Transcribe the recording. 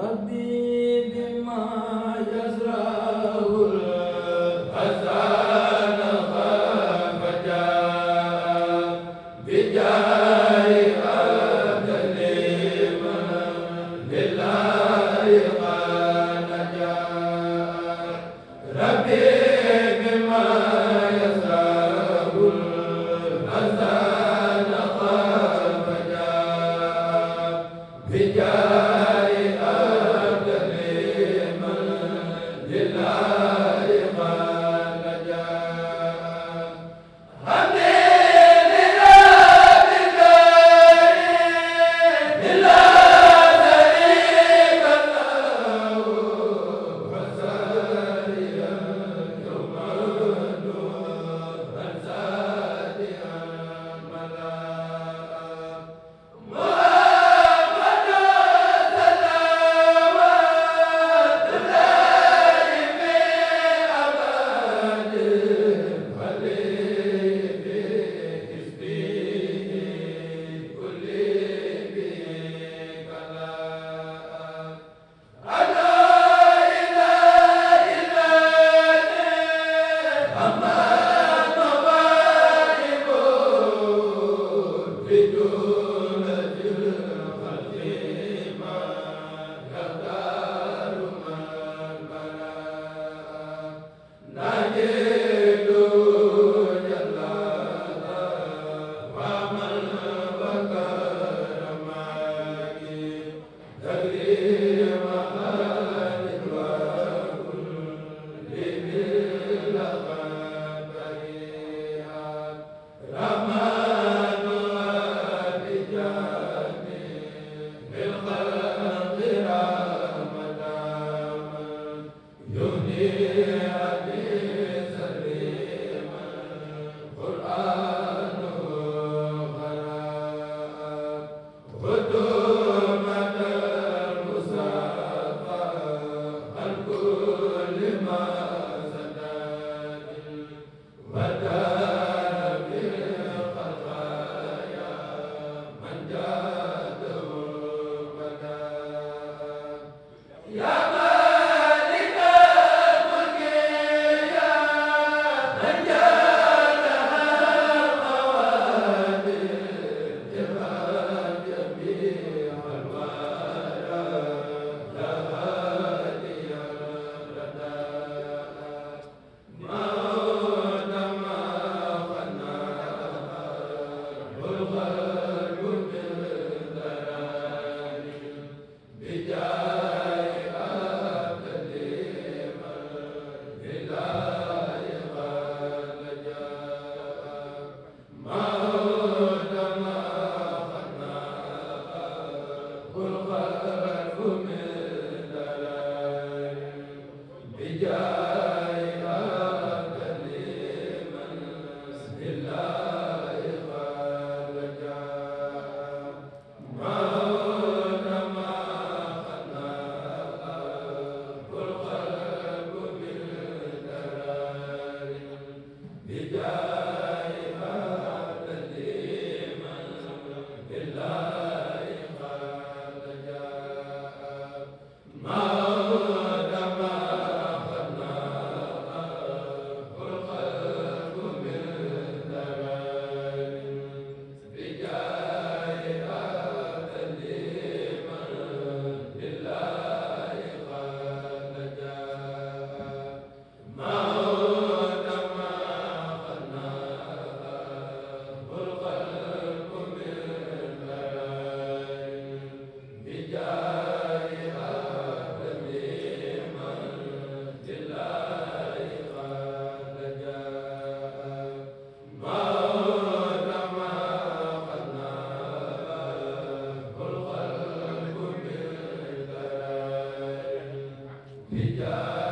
ربي بما la bi